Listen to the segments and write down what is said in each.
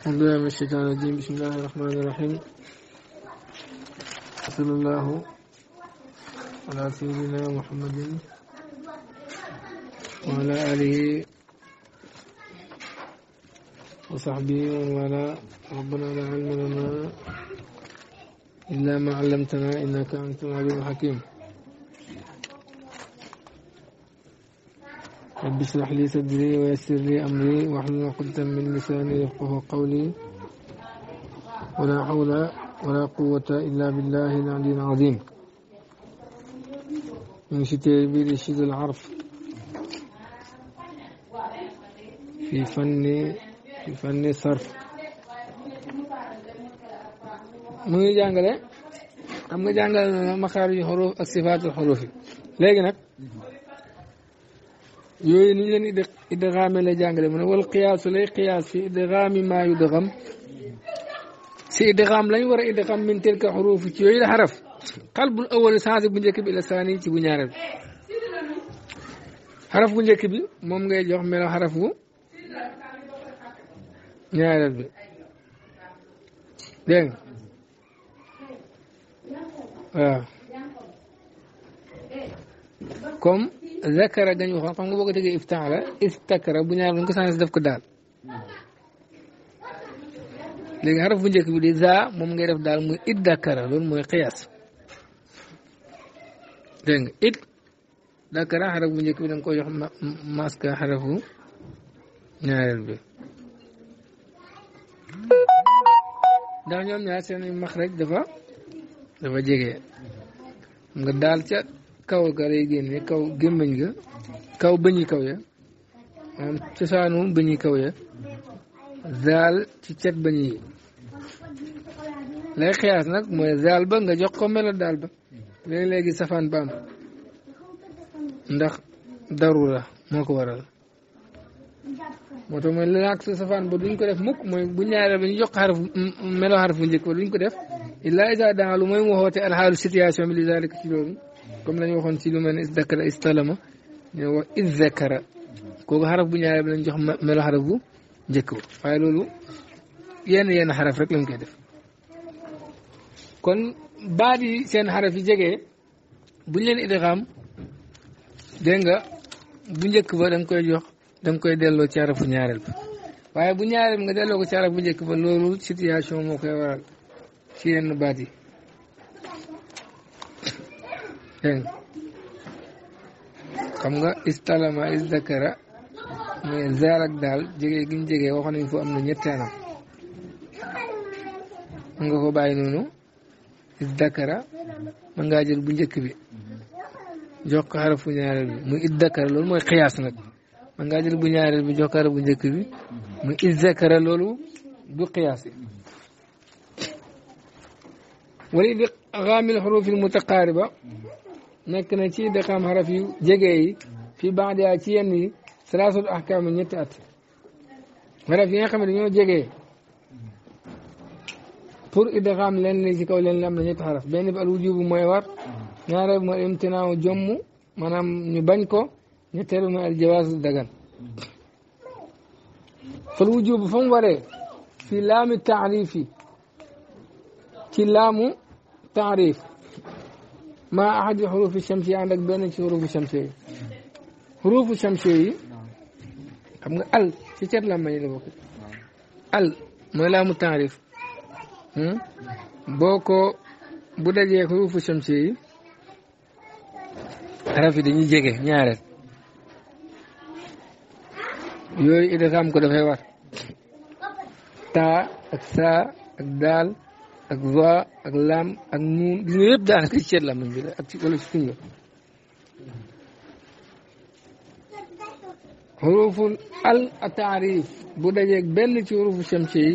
الحمد لله من الشيطان الرجيم بسم الله الرحمن الرحيم صلى الله على سيدنا محمد وعلى آله وصحبه ومن والاه ربنا لا علم لنا إلا ما علمتنا إنك أنت العليم الحكيم رب اشرح لي صدري ويسر لي أمري واحلل عقدة من لساني يفقه قولي ولا حول ولا قوة إلا بالله العلي العظيم من كتاب رشيد العرف في فن في فن الصرف من jàngale من nga مخارج الحروف الصفات الحروفي ak yooyu ni ñu leen id idgaame la jàngale mu ne wal qiyaasu lay qiyaas fi idgaami maa yudgam si idgaam lañ war a idgaam min tilka ci yooyu la xaraf xalbul awal changé bu njëkk bi ila saani ci bu ñaareel bu njëkk bi moom ngay jox melo xaraf bu ñaareel bi dégg comme zakara gañ waxoon xam nga boo ko déggee iftaala iftakara bu ñaar lañ ko sànni def ko daal léegi xaraf bu njëkk bi di za moom ngay def daal muy iddakara loolu mooy xiyaas dégg nga it dakara xaraf bu njëkk bi danga koy jox masque xarafu ñaareel bi ndax ñoom ñaar seen maxraj dafa dafa jege nga daal ca kaw ga lay génne kaw gémmañ ga kaw yi kaw ya maanaam cosaanu bëñi kaw ya zaal ci cet bëñ yi lay xiyaas nag mooy zaal ba nga jox ko melo daal ba léegi-léegi safaan ba am ndax la moo ko waral moo tax mooy lanaak sa safaan ba duñ ko def mukk mooy bu ñaaree ba ñu jox xaraf melo xaraf bu njëkk ba duñ ko def illaa isa daan lu mooy mu xoote alxaalu situation bi li zalika ci loolu comme lañu waxoon ci lu mel ni isdakara istalama ñu bu ñaaree bi lañ jox melo xaraf bu njëkk ba waaye loolu yenn yenn rek lañ koy kon baat yi seen xaraf yi jege buñ leen idgaam dégg nga bu njëkk ba da koy jox da koy delloo ci bu ñaareel ba waaye bu ñaareel nga delloo ko ci xaraf bu njëkk ba loolu situation moo koy waral ci yenn baat yi dégg xam nga istalama isdakara mais zaar ak daal jege gi ñu jege wax nañ fu am na ñetti anam mën nga ko bàyyi noonu isdakara mën ngaa jël bu njëkk bi jox ko xarafu ñaareel bi muy isdakara loolu mooy xiyaas nag mën ngaa jël bu ñaareel bi jox ko xarafu njëkk bi muy isdakara loolu du xiyaas yi di xaamil xuruuf yi mutaqaariba nekk na ci dëqaam xaraf yu jege yi fii baax ci yenn yi salaasul ahkaam ñetti at xaraf yi nga xam ne dañoo jege pour idgaam leen li leen li am na ñetti xaraf benn bi al wujubu mooy war ñaareel mooy imtinaaw jomm maanaam ñu bañ ko ñetteel mooy al jawaazu dagan fal wujubu fa mu fi laami taarif yi ci laamu taarif maa ahadi xurufi shamsi ànd ak benn ci xurufu shamsi yi xurufu shamsi yi xam nga al ci cat làmbañ yi la bokk al mooy laamu taarif hmm? boo ko bu dajee xurufu shamsi yi araf yi dañuy jege ñaareel yooyu idgaam ko dafay war taa ak saa ak daal ak va ak laam ak nuun li nga yëpp daanaka ci ceet làmmiñ bi la ak ci wala ci tuñ la xuruful al taarif bu dajeeg benn ci xurufu chamsi yi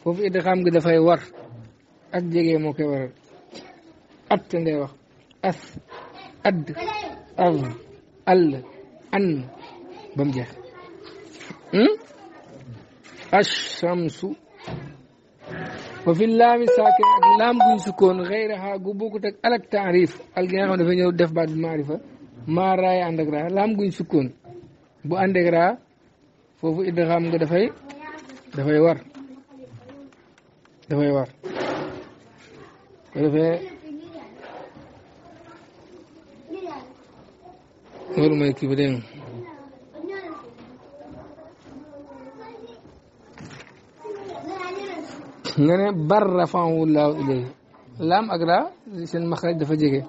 foofu idgaam gi dafay war ak jege moo koy waral at ngay wax as add av all an ba mu jeex hmm? ash shamsu وفي اللام ساكن لام بن سكون غيرها غبوك تك الك تعريف الجنا خا دافا نيو ديف بعد المعرفه ما راي عندك راه لام بن سكون بو عندك راه فوفو ادغام غا دافاي دافاي وار دافاي وار دافاي نور ما يكي بدين nga ne bar rafaahu laahu ilayhi laam ak laa seen maxraj dafa jege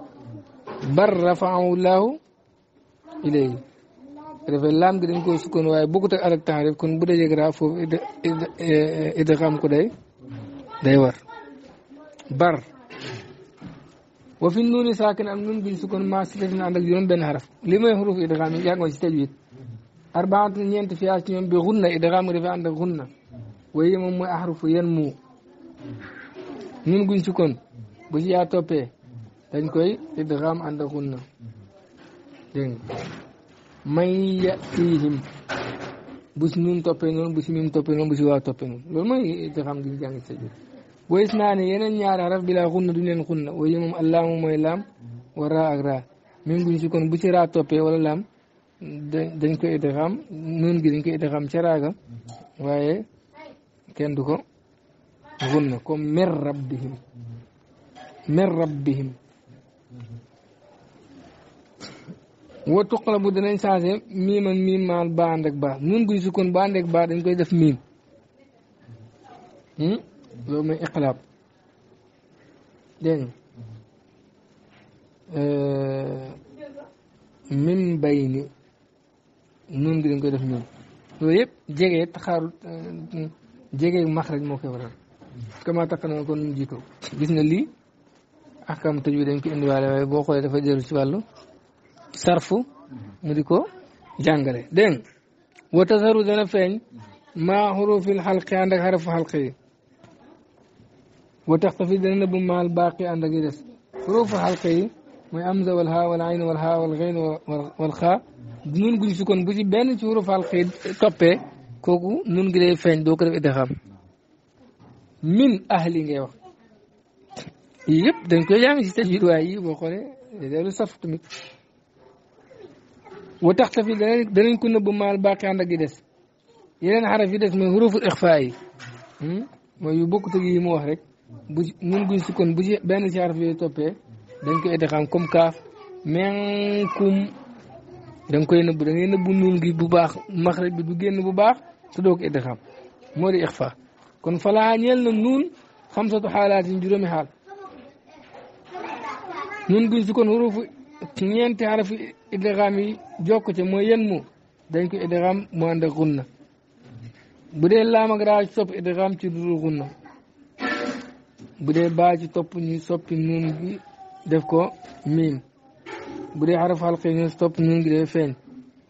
bar rafaahu laahu ilayhi dafa laam gi dañ koo sukkoon waaye bokkut ak alak taarif kon bu dajeg raa foofu eh, idgham ko day day war bar wa fi nuuni saakin am nun buñ sukkoon maa silatin ànd ak juróom benn xaraf li may xuruf idgham yi jàngoon ci tajwid arbaatun ñeent fiyaas ci ñoom bi xunna idgham gi dafa ànd ak xunna nun guñ sukkoon bu ci yaa toppee dañ koy idgham ànd ak na dégg nga may yatihim bu si nun toppee noonu bu si mim toppee noonu bu si waa toppee noonu loolu mooy idgham gi jàng si naa ne yeneen ñaari araf bi laa xunna leen xunna waaye moom allaamu mooy laam wa raa bu ci raa wala laam dañ koy gi dañ koy idgham ca waaye kenn du ko gunna ko min rabbihim min rabbihim wa tuqlabu danañ changé miim ak miim maal ba ba nun buñ sukkoon ba ànd ak ba dañ koy def miim hmm? loolu mooy iqlaab dégg min bayni nun bi dañ koy def miim loolu yëpp jege taxaaru jege maxraj moo koy waral kama takk na ko nun jiitoo gis nga lii axkam tëj bi dañ ko indiwaale waaye boo xoolee dafa jël ci wàllu sarfu mu di ko jàngale dégg nga wa tasaru dana feeñ maa xurufil xalqi ànd ak xarafu xalqi yi wa taxtafi dana nëbb maal baaqi ànd ak yi des xurufu xalqi yi mooy amza wal haa wal ayn wal haa wal xayn wal xaa nun bu ci benn ci xuruf xalqi yi toppee kooku nun gi day feeñ doo ko def idgaam min ahli ngay wax yii yëpp dañ koy yaa ngi si tajwid waaye yii boo xoolee deelu saf tamit wa tax tafi danañ ko nëbb maal baaqi ànd ak yi des yeneen xaraf yi des mooy huruful ixfa yi hmm? mooy yu bokkut ak yi mu wax rek bu mun guñ sukkoon bu ci benn si xaraf yooyu toppee dañ koy idgaam comme kaaf men kum da nga koy nëbb da nëbb nuun gi bu baax maxraj bi du génn bu baax te doo ko moo di ixfa kon falaa ñeel na nuun xamsatu xaalaat yi juróomi xaal nun guñ si kon xurufu ñeenti xarafi idgaam yi jokk ca mooy yen mu dañ ko idgaam mu ànd xunna bu dee laam ak raa ci topp idgaam ci dudul xunna bu dee baa topp ñu soppi nuun bi def ko miim bu dee xaraf xalqi ñu si topp nuun gi dee feeñ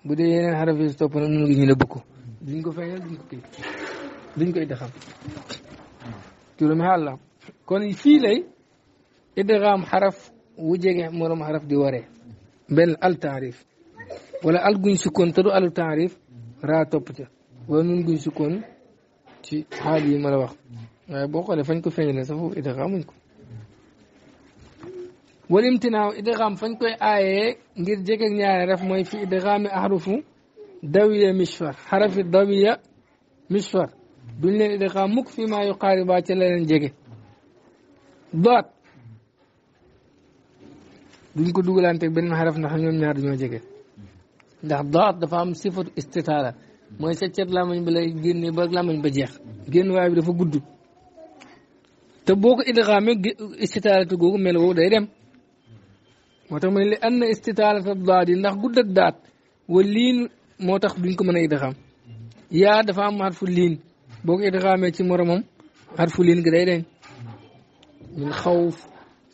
bu dee yeneen xaraf yi si topp nag nuun gi ñu nëbb ko duñ ko feeñal duñ ko duñ ko idgaam juróomi xaal la kon fii lay idgaam xaraf wu jege morom xaraf di ware benn al taarif wala al guñ sukkoon te du alu taarif raa topp ca wala nun guñ sukkoon ci xaal yi ma la wax waaye boo xoolee fañ ko feeñale sax foofu idgaamuñ ko wal imtinaaw idgaam fañ koy aayee ngir jege ñaare ref mooy fi idgaami ahrufu dawiya mishfar xarafi dawiya mishfar duñ leen idgaam mukk fii maa yu xaaribaa ca la leen jege doot duñ ko dugalanteeg benn xaraf ndax ñoom ñaar dañoo jege ndax doot dafa am sifatu istitaara mooy sa cet ma bi lay génne ba lamañ ba jeex génn waay bi dafa gudd te boo ko idgaamee istitaaratu googu mel day dem moo tax mu ne li an na istitaaratu daat yi ndax gudd ak daat wa moo tax duñ ko mën a idgaam yaa dafa am xarfu liin boo ko idgaamee ci moromam xarfu liin gi day deñ min xawf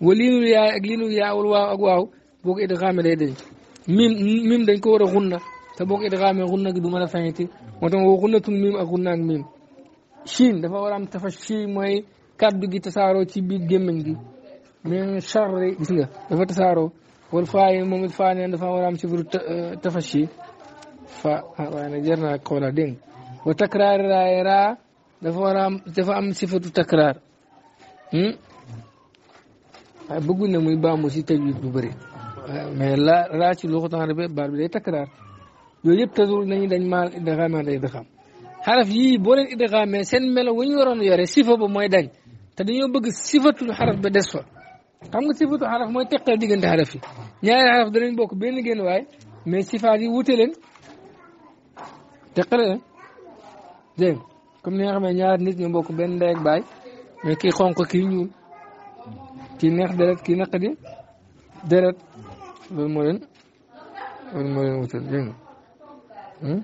wa liinul yaay ak liinul waaw ak waaw boo ko idgaamee day deñ mim mim dañ ko war a xunna te boo ko idgaamee xunna gi du mën a feñati moo tax woo xunnatun mim dafa war tafa shi mooy kaddu gi tasaaro ci biir gémmiñ gi min charri gis dafa tasaaroo wal faa yi moom it dafa war a am ci biir euh, tafa shi fa ah, waaye nag jar naa xoolaa wa takraar raay raa dafa war a am dafa am sifatu takraar hmm? waaye bëgguñ ne muy baamu si tajwid bu bëri mais la raa ci luxutaan rek baat bi day takraar yooyu yëpp tazur nañu dañ maal idgaam day idgaam xaraf yii boo leen idgaamee seen melo wu ñu waroon yore sifa ba mooy dañ te dañoo bëgg sifatul xaraf ba des fa xam nga sifatu xaraf mooy teqal diggante xaraf yi ñaari xaraf danañ bokk benn génn waay mais sifaat yi wute leen teqale leen dégg comme ni nga xamee ñaari nit ñu bokk benn ndey ak baay mais kii xonq kii ñuul kii neex deret kii naqadi deret loolu moo leen loolu moo leen wutal dégg nga hmm?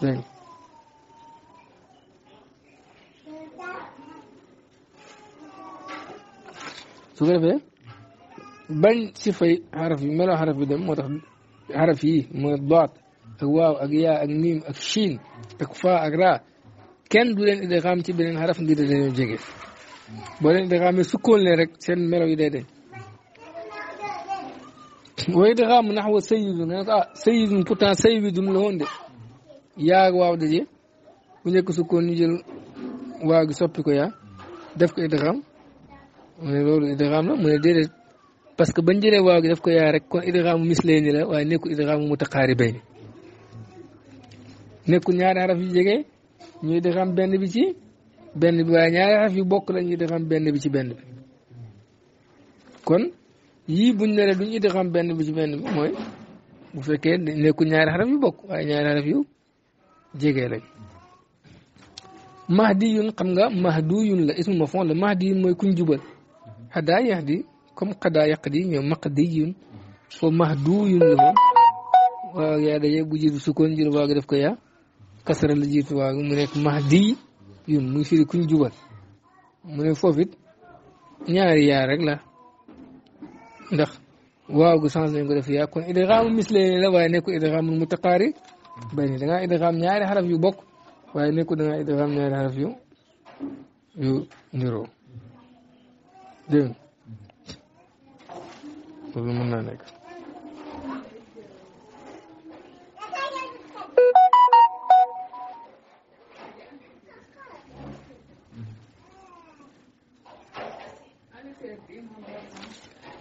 dégg nga su ko defee bañ si fay xaraf yi meloo xaraf bi dem moo tax xaraf yi mooy doot ak waaw ak yaa ak miim ak shiin ak faa ak raa kenn du leen idgaam ci beneen xaraf ngir dañoo jege boo leen idgaamee sukkoon leen rek seen melaw yi day deñ wa idgaam naxwa sayidun nga ne ko ah sayidun pourtant sayidun la woon de yaa waaw daje bu njëkk sukkoon ñu jël waaw gi soppi ko yaa def ko idgaam mu a loolu idgaam la mu ne déedéet parce que bañ waaw gi def ko yaa rek kon idgaamu mislee ni la waaye nekkul idgaamu mutaqaaribay ni nekkul ñaari xaraf yu jege ñuy di xam benn bi ci benn bi waaye ñaari xaraf yu bokk la ñuy di xam benn bi ci benn bi kon yii buñ ne duñ it xam benn bi ci benn bi mooy bu fekkee nekkul ñaari xaraf yu bokk waaye ñaari xaraf yu jege lañ mahdiyun xam nga mahduyun la ismu mafon la mahdiyun mooy kuñ jubal xadaa yahdi comme xadaa yaqdi ñoom maqdiyun fo mahduyun la moom waaw yaa daje bu jiitu sukkoon njër waa def ko yaa كسر الجيت واقع منك مهدي يوم مفيد كل جبل من فوفيت نيار يا رجلا دخ واقع سانس نقول في أكون إذا غام مثل لا وينكو إذا غام متقاري بين إذا إذا غام نيار حرف يبوك وينكو إذا إذا غام نيار حرف يو يو نرو دين problem on that next.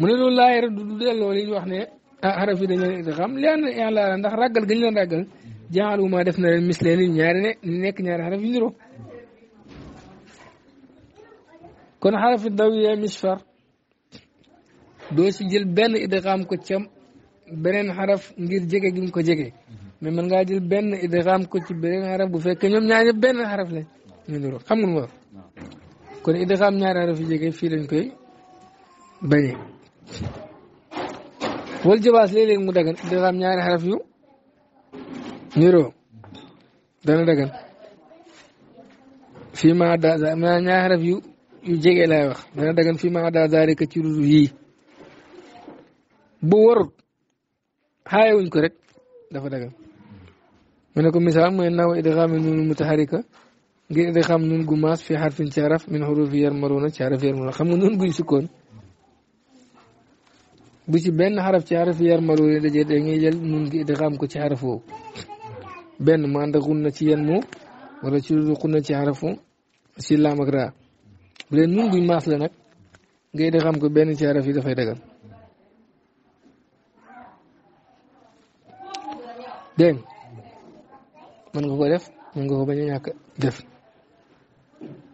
mu ne loolu laa yara du du delloo li ñu wax ne ah xaraf yi dañu leen idgham li an i'lala ndax ràggal gañ leen ràggal jaalumaa def na leen mislee ni ñaari ne nekk ñaari xaraf yu niroo kon xarafi dawiya misfar doo si jël benn idgham ko cam beneen xaraf ngir jege gi mu ko jege mais mën ngaa jël benn idgham ko ci beneen bu fekkee ñoom ñaar benn xaraf lañ ñu niroo xam nga lu ma wax kon idgham ñaari xaraf yu jege fii lañ koy bañee wal jawaas léeg mu dagan dafa am ñaari xaraf yu niroo dana dagan fii ma adda ñaari xaraf yu yu jege laay wax dana dagan fii ma adda zaalika ci lu yii bu warut xaayewuñ ko rek dafa dagan mu ne ko misaal mooy naw idgaam nuunu mutaharika ngir idgaam nuun gu maas fi xarfin ci xaraf min xurufi yarmaruuna ci xaraf yarmaruuna xam nga nuun guñ sukkoon bu ci benn xaraf ci xaraf yarmaloo yi dajee da ngay jël nun gi idgaam ko ci xaraf woowu benn mu ànd ak xun na ci yan mu wala ci lu na ci xarafu si laam raa bu leen nun nag nga idgaam ko benn ci xaraf yi dafay dagal dégg ko def mën nga ko bañ a ñàkk def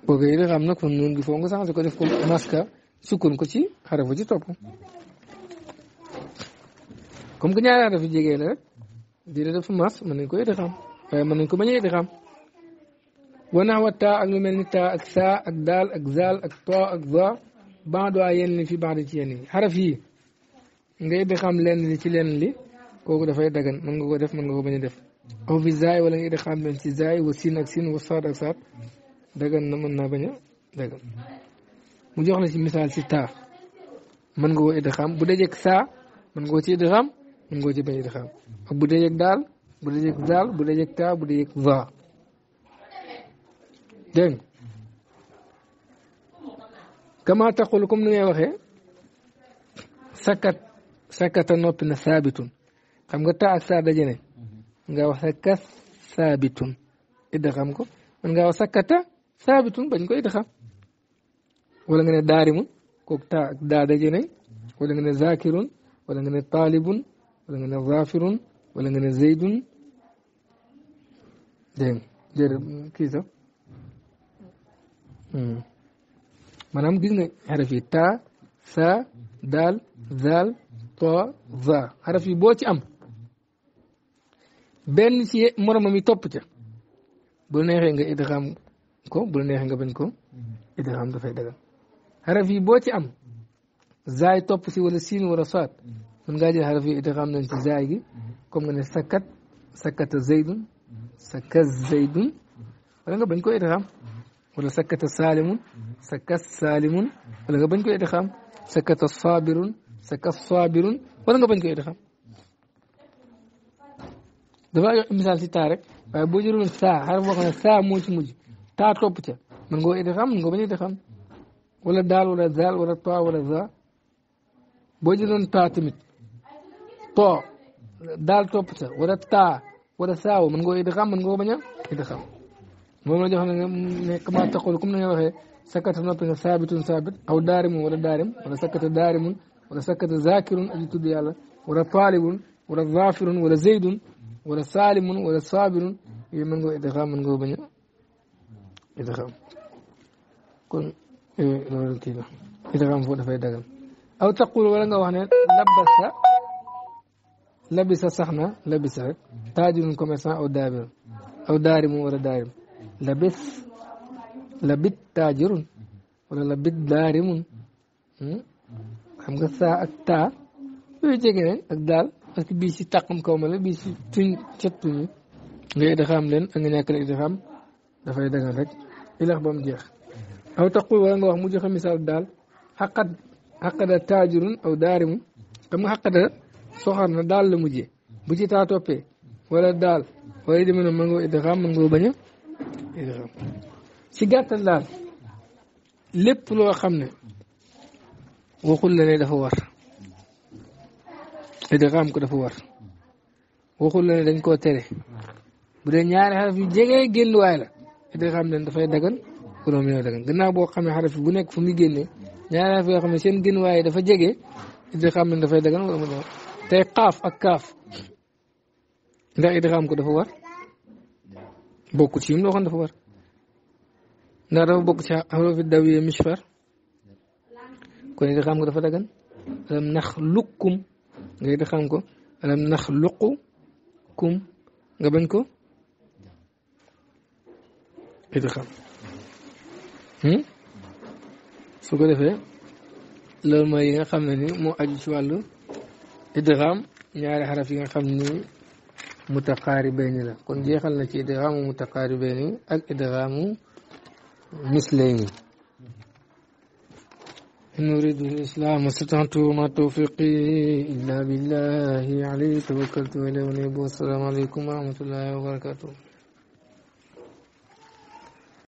boo koy idgaam nag kon nun gi foo nga sax ko def ko maska sukkun ko ci xarafu ci topp comme que ñaari a yi jege la rek diire dafa mas mën nañ ko yéex a xam waaye mën ko bañ a yéex xam wanaax wa taa ak lu mel ni taa ak saa ak daal ak zaal ak too ak va bando a yenn li fi bando ci yenn yi xaraf yi nga yéex xam lenn li ci lenn li kooku dafay dagan mën nga ko def mën nga ko bañ a def aw fi zaay wala nga yéex a xam leen ci zaay wa ak siin wa ak saat dagan na bañ a dagan mu jox na ci misaal ci taa mën nga ko yéex a xam bu dajee ak saa mën nga ko ci yéex a xam ñu ngoo ci bañ bu dee daal bu dee yëg daal bu dee yëg taa bu dee yëg va dégg nga kama taqul comme ni ngay sakat sakata noppi na saabitun nga taa ak saa daje ne wax sakat saabitun idgaam ko man nga wax sakata saabitun bañ ko idgaam wala nga ne daarimun kooku taa ak daa wala nga ne zakirun wala nga ne taalibun wala nga ne zaafirun wala nga ne zaydun dégg jërë kii sax maanaam gis nga xaraf yi taa saa daal zaal too zaa xaraf yi boo ci am benn ci moromam yi topp ca bu la neexee nga idgaam ko bu la neexee nga bañ ko idgaam dafay dagal xaraf yi boo ci am zaay topp si wala siin wala saat mën ngaa jël xaraf yi idgaam nañ ci zaay gi comme nga ne sakkat sakkata zaydun sakka zaydun wala nga bañ koy idgaam wala sakkata saalimun sakka saalimun wala nga bañ wala nga bañ ko idgaam dafa jox misaal si taa rek waaye boo jëloon saa xaraf boo xam ne saa moo ci mujj taa topp ca mën nga idgaam mën nga bañ wala daal wala zaal wala taa wala za boo jëloon taa tamit to daal topp ca wala taa wala saaw mën nga ko idi xam mën nga ko bañ a idi xam moom la jox ne ne comment taqul comme ni nga waxee sakkata noppi nga saabitun saabit aw daarimun wala daarim wala sakkata daarimun wala sakkata zakirun aji tudd yàlla wala taalibun wala zaafirun wala zaydun wala saalimun wala saabirun yooyu mën nga ko idi xam mën nga ko bañ a idi xam kon loolu kii la idi xam foofu dafay dagal aw taqul wala nga wax ne labbasa لبس صحنا لبس تاجر كوميسان او دابر او داري مو دارم لبس لبت تاجر ولا لبت دارم خمغا سا اك تا وي جيغين اك دال باسكو بي سي تاكم كومل بي سي تون تشتوني غي دا خام لين اغي نياك لي دا خام دا فاي دغال رك الى بام جيخ او تقول ولا نغ واخ مو جيخ مثال دال حقد حقد تاجر او دارم كم حقد soxar na daal la mujjee bu ci taa toppee wala daal wala demee na mën nga idgaam mën nga bañ a idgaam si daal lépp loo xam ne waxul la dafa war idgaam ko dafa war waxul la ne dañ koo tere bu dee ñaari xaraf yu jege génn waay la idgaam leen dafay dagan wala mu dagan gannaaw boo xamee ne bu nekk fu muy génnee ñaari xaraf yoo xam ne seen génn waay dafa jege idgaam leen dafay dagan wala mu dagan تي قاف اكاف دا ادغام كو دافا وار بوكو تيم لو خن دافا وار دا دا بوكو تي حرف في الدوي مشفر كون ادغام كو دافا دغن لم نخلقكم غي دخام كو لم نخلقكم غبن كو ادغام هم سوكو دافا لول ما ييغا خامن ني مو اجي سي والو إدغام نيار حرف يغا خامني متقاربين لا كون جيخال لا سي إدغام متقاربين اك إدغام مثلين نريد الإسلام استطعت وما توفيقي إلا بالله عليه توكلت وإلى أن السلام عليكم ورحمة الله وبركاته